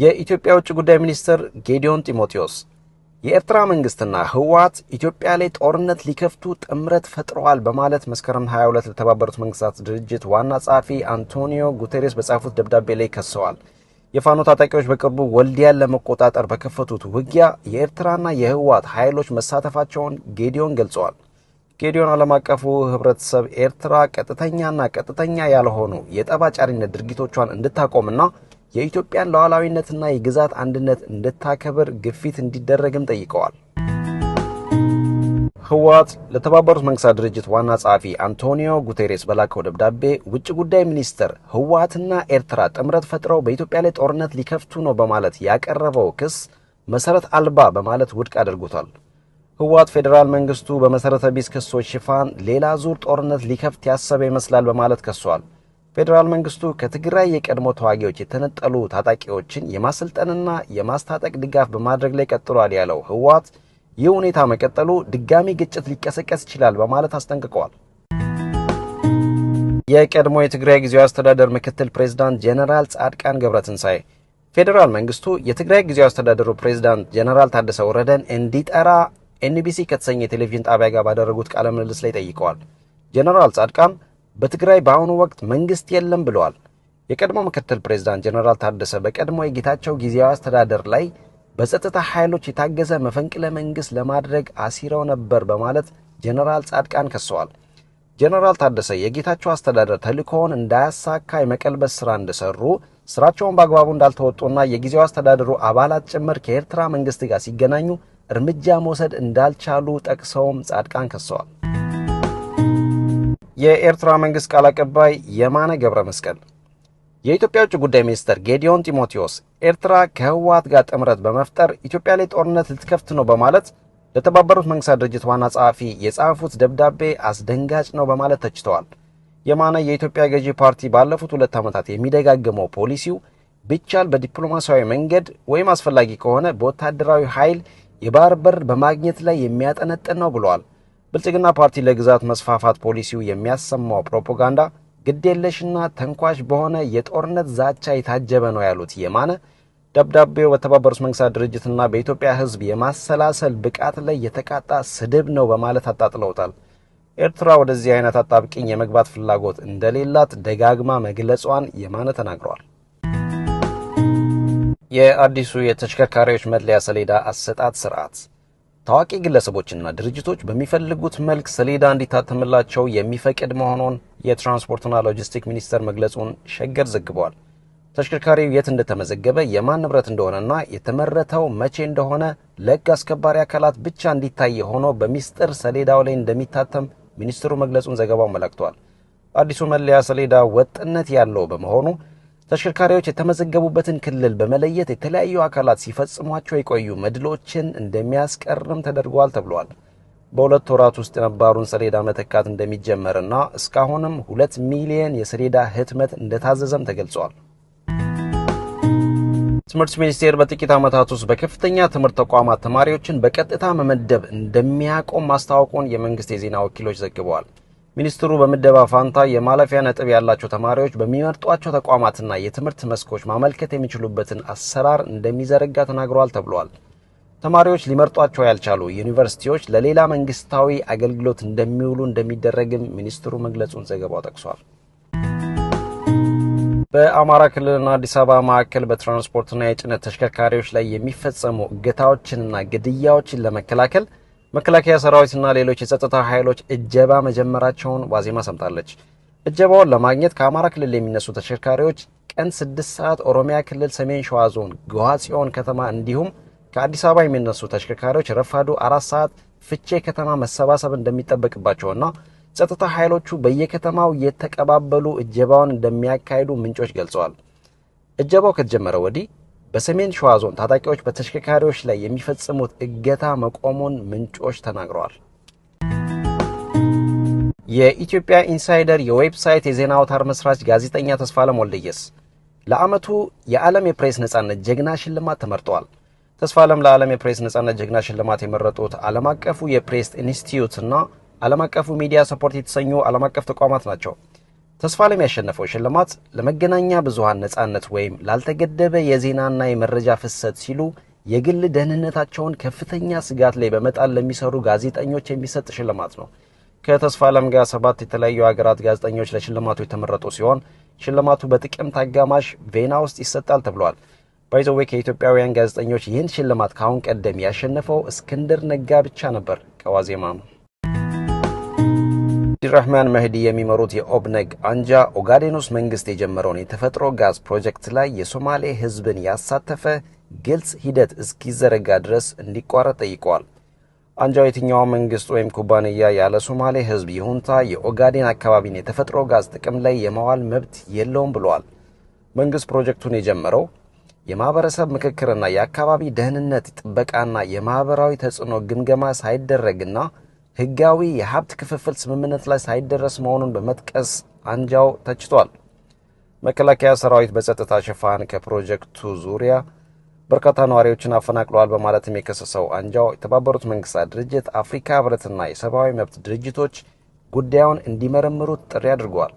የኢትዮጵያ ውጭ ጉዳይ ሚኒስትር ጌዲዮን ጢሞቴዎስ የኤርትራ መንግስትና ህወሓት ኢትዮጵያ ላይ ጦርነት ሊከፍቱ ጥምረት ፈጥረዋል በማለት መስከረም 22 ለተባበሩት መንግስታት ድርጅት ዋና ጸሐፊ አንቶኒዮ ጉቴሬስ በጻፉት ደብዳቤ ላይ ከሰዋል። የፋኖ ታጣቂዎች በቅርቡ ወልዲያን ለመቆጣጠር በከፈቱት ውጊያ የኤርትራና የህወሓት ኃይሎች መሳተፋቸውን ጌዲዮን ገልጸዋል። ጌዲዮን ዓለም አቀፉ ህብረተሰብ ኤርትራ ቀጥተኛና ቀጥተኛ ያልሆኑ የጠባጫሪነት ድርጊቶቿን እንድታቆምና የኢትዮጵያን ሉዓላዊነትና የግዛት አንድነት እንድታከብር ግፊት እንዲደረግም ጠይቀዋል። ህወሓት ለተባበሩት መንግስታት ድርጅት ዋና ጸሐፊ አንቶኒዮ ጉቴሬስ በላከው ደብዳቤ ውጭ ጉዳይ ሚኒስትር ህወሓትና ኤርትራ ጥምረት ፈጥረው በኢትዮጵያ ላይ ጦርነት ሊከፍቱ ነው በማለት ያቀረበው ክስ መሰረት አልባ በማለት ውድቅ አድርጎታል። ህወሓት ፌዴራል መንግስቱ በመሰረተ ቢስ ክሶች ሽፋን ሌላ ዙር ጦርነት ሊከፍት ያሰበ ይመስላል በማለት ከሷል። ፌዴራል መንግስቱ ከትግራይ የቀድሞ ተዋጊዎች የተነጠሉ ታጣቂዎችን የማሰልጠንና የማስታጠቅ ድጋፍ በማድረግ ላይ ቀጥሏል ያለው ህወሓት ይህ ሁኔታ መቀጠሉ ድጋሚ ግጭት ሊቀሰቀስ ይችላል በማለት አስጠንቅቀዋል። የቀድሞ የትግራይ ጊዜያዊ አስተዳደር ምክትል ፕሬዝዳንት ጄኔራል ጻድቃን ገብረትንሳኤ ፌዴራል መንግስቱ የትግራይ ጊዜያዊ አስተዳደሩ ፕሬዝዳንት ጄኔራል ታደሰ ወረደን እንዲጠራ ኤንቢሲ ከተሰኘ የቴሌቪዥን ጣቢያ ጋር ባደረጉት ቃለ ምልልስ ላይ ጠይቀዋል። ጄኔራል ጻድቃን በትግራይ በአሁኑ ወቅት መንግስት የለም ብለዋል። የቀድሞ ምክትል ፕሬዝዳንት ጀነራል ታደሰ በቀድሞ የጌታቸው ጊዜያዊ አስተዳደር ላይ በጸጥታ ኃይሎች የታገዘ መፈንቅለ መንግስት ለማድረግ አሲረው ነበር በማለት ጀነራል ጻድቃን ከሰዋል። ጀነራል ታደሰ የጌታቸው አስተዳደር ተልእኮውን እንዳያሳካ የመቀልበስ ስራ እንደሰሩ፣ ስራቸውን በአግባቡ እንዳልተወጡና የጊዜው አስተዳደሩ አባላት ጭምር ከኤርትራ መንግስት ጋር ሲገናኙ እርምጃ መውሰድ እንዳልቻሉ ጠቅሰውም ጻድቃን ከሰዋል። የኤርትራ መንግስት ቃል አቀባይ የማነ ገብረ መስቀል የኢትዮጵያ ውጭ ጉዳይ ሚኒስትር ጌዲዮን ጢሞቴዎስ ኤርትራ ከህወሓት ጋር ጥምረት በመፍጠር ኢትዮጵያ ላይ ጦርነት ልትከፍት ነው በማለት ለተባበሩት መንግስታት ድርጅት ዋና ጸሐፊ የጻፉት ደብዳቤ አስደንጋጭ ነው በማለት ተችተዋል። የማነ የኢትዮጵያ ገዢ ፓርቲ ባለፉት ሁለት ዓመታት የሚደጋግመው ፖሊሲው ቢቻል በዲፕሎማሲያዊ መንገድ ወይም አስፈላጊ ከሆነ በወታደራዊ ኃይል የባህር በር በማግኘት ላይ የሚያጠነጥን ነው ብለዋል። ብልጽግና ፓርቲ ለግዛት መስፋፋት ፖሊሲው የሚያሰማው ፕሮፓጋንዳ ግዴለሽና ተንኳሽ በሆነ የጦርነት ዛቻ የታጀበ ነው ያሉት የማነ ደብዳቤው በተባበሩት መንግስታት ድርጅትና በኢትዮጵያ ሕዝብ የማሰላሰል ብቃት ላይ የተቃጣ ስድብ ነው በማለት አጣጥለውታል። ኤርትራ ወደዚህ አይነት አጣብቅኝ የመግባት ፍላጎት እንደሌላት ደጋግማ መግለጿን የማነ ተናግረዋል። የአዲሱ የተሽከርካሪዎች መለያ ሰሌዳ አሰጣጥ ስርዓት ታዋቂ ግለሰቦችና ድርጅቶች በሚፈልጉት መልክ ሰሌዳ እንዲታተምላቸው የሚፈቅድ መሆኑን የትራንስፖርትና ሎጂስቲክ ሚኒስቴር መግለጹን ሸገር ዘግቧል። ተሽከርካሪው የት እንደተመዘገበ፣ የማን ንብረት እንደሆነና የተመረተው መቼ እንደሆነ ለሕግ አስከባሪ አካላት ብቻ እንዲታይ ሆኖ በሚስጥር ሰሌዳው ላይ እንደሚታተም ሚኒስትሩ መግለጹን ዘገባው አመላክቷል። አዲሱ መለያ ሰሌዳ ወጥነት ያለው በመሆኑ ተሽከርካሪዎች የተመዘገቡበትን ክልል በመለየት የተለያዩ አካላት ሲፈጽሟቸው የቆዩ መድሎችን እንደሚያስቀርም ተደርጓል ተብሏል። በሁለት ወራት ውስጥ የነባሩን ሰሌዳ መተካት እንደሚጀመርና እስካሁንም ሁለት ሚሊየን የሰሌዳ ህትመት እንደታዘዘም ተገልጿል። ትምህርት ሚኒስቴር በጥቂት ዓመታት ውስጥ በከፍተኛ ትምህርት ተቋማት ተማሪዎችን በቀጥታ መመደብ እንደሚያቆም ማስታወቁን የመንግስት የዜና ወኪሎች ዘግበዋል። ሚኒስትሩ በምደባ ፋንታ የማለፊያ ነጥብ ያላቸው ተማሪዎች በሚመርጧቸው ተቋማትና የትምህርት መስኮች ማመልከት የሚችሉበትን አሰራር እንደሚዘረጋ ተናግረዋል ተብሏል። ተማሪዎች ሊመርጧቸው ያልቻሉ ዩኒቨርሲቲዎች ለሌላ መንግስታዊ አገልግሎት እንደሚውሉ እንደሚደረግም ሚኒስትሩ መግለጹን ዘገባው ጠቅሷል። በአማራ ክልልና አዲስ አበባ መካከል በትራንስፖርትና የጭነት ተሽከርካሪዎች ላይ የሚፈጸሙ እገታዎችንና ግድያዎችን ለመከላከል መከላከያ ሰራዊትና ሌሎች የጸጥታ ኃይሎች እጀባ መጀመራቸውን ዋዜማ ሰምታለች። እጀባውን ለማግኘት ከአማራ ክልል የሚነሱ ተሽከርካሪዎች ቀን ስድስት ሰዓት ኦሮሚያ ክልል ሰሜን ሸዋ ዞን ጎሃጽዮን ከተማ እንዲሁም ከአዲስ አበባ የሚነሱ ተሽከርካሪዎች ረፋዱ አራት ሰዓት ፍቼ ከተማ መሰባሰብ እንደሚጠበቅባቸውና ጸጥታ ኃይሎቹ በየከተማው የተቀባበሉ እጀባውን እንደሚያካሂዱ ምንጮች ገልጸዋል። እጀባው ከተጀመረ ወዲህ በሰሜን ሸዋ ዞን ታጣቂዎች በተሽከርካሪዎች ላይ የሚፈጽሙት እገታ መቆሙን ምንጮች ተናግረዋል። የኢትዮጵያ ኢንሳይደር የዌብሳይት የዜና አውታር መስራች ጋዜጠኛ ተስፋለም ወልደየስ ለዓመቱ የዓለም የፕሬስ ነጻነት ጀግና ሽልማት ተመርጠዋል። ተስፋለም ለዓለም የፕሬስ ነጻነት ጀግና ሽልማት የመረጡት ዓለም አቀፉ የፕሬስ ኢንስቲትዩት እና ዓለም አቀፉ ሚዲያ ሰፖርት የተሰኙ ዓለም አቀፍ ተቋማት ናቸው። ተስፋለም ያሸነፈው ሽልማት ለመገናኛ ብዙሃን ነጻነት ወይም ላልተገደበ የዜናና የመረጃ ፍሰት ሲሉ የግል ደህንነታቸውን ከፍተኛ ስጋት ላይ በመጣል ለሚሰሩ ጋዜጠኞች የሚሰጥ ሽልማት ነው። ለም ጋር ሰባት የተለያዩ ሀገራት ጋዜጠኞች ለሽልማቱ የተመረጡ ሲሆን ሽልማቱ በጥቅምት አጋማሽ ቬና ውስጥ ይሰጣል ተብሏል። ባይዘዌ ከኢትዮጵያውያን ጋዜጠኞች ይህን ሽልማት ከአሁን ቀደም ያሸነፈው እስክንድር ነጋ ብቻ ነበር ከዋዜማ ነው። አብዲራህማን መህዲ የሚመሩት የኦብነግ አንጃ ኦጋዴን ውስጥ መንግስት የጀመረውን የተፈጥሮ ጋዝ ፕሮጀክት ላይ የሶማሌ ህዝብን ያሳተፈ ግልጽ ሂደት እስኪዘረጋ ድረስ እንዲቋረጥ ጠይቀዋል። አንጃው የትኛው መንግስት ወይም ኩባንያ ያለ ሶማሌ ህዝብ ይሁንታ የኦጋዴን አካባቢን የተፈጥሮ ጋዝ ጥቅም ላይ የመዋል መብት የለውም ብለዋል። መንግስት ፕሮጀክቱን የጀመረው የማህበረሰብ ምክክርና የአካባቢ ደህንነት ጥበቃና የማህበራዊ ተጽዕኖ ግምገማ ሳይደረግና ህጋዊ የሀብት ክፍፍል ስምምነት ላይ ሳይደረስ መሆኑን በመጥቀስ አንጃው ተችቷል። መከላከያ ሰራዊት በጸጥታ ሽፋን ከፕሮጀክቱ ዙሪያ በርካታ ነዋሪዎችን አፈናቅለዋል በማለትም የከሰሰው አንጃው የተባበሩት መንግስታት ድርጅት፣ አፍሪካ ህብረትና የሰብአዊ መብት ድርጅቶች ጉዳዩን እንዲመረምሩት ጥሪ አድርገዋል።